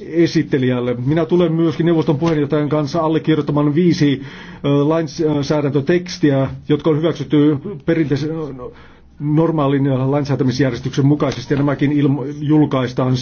esittelijälle. Minä tulen myöskin neuvoston puheenjohtajan kanssa allekirjoittamaan viisi lainsäädäntötekstiä, jotka on hyväksytty perinteisen no, normaalin lainsäätämisjärjestyksen mukaisesti, ja nämäkin ilmo- julkaistaan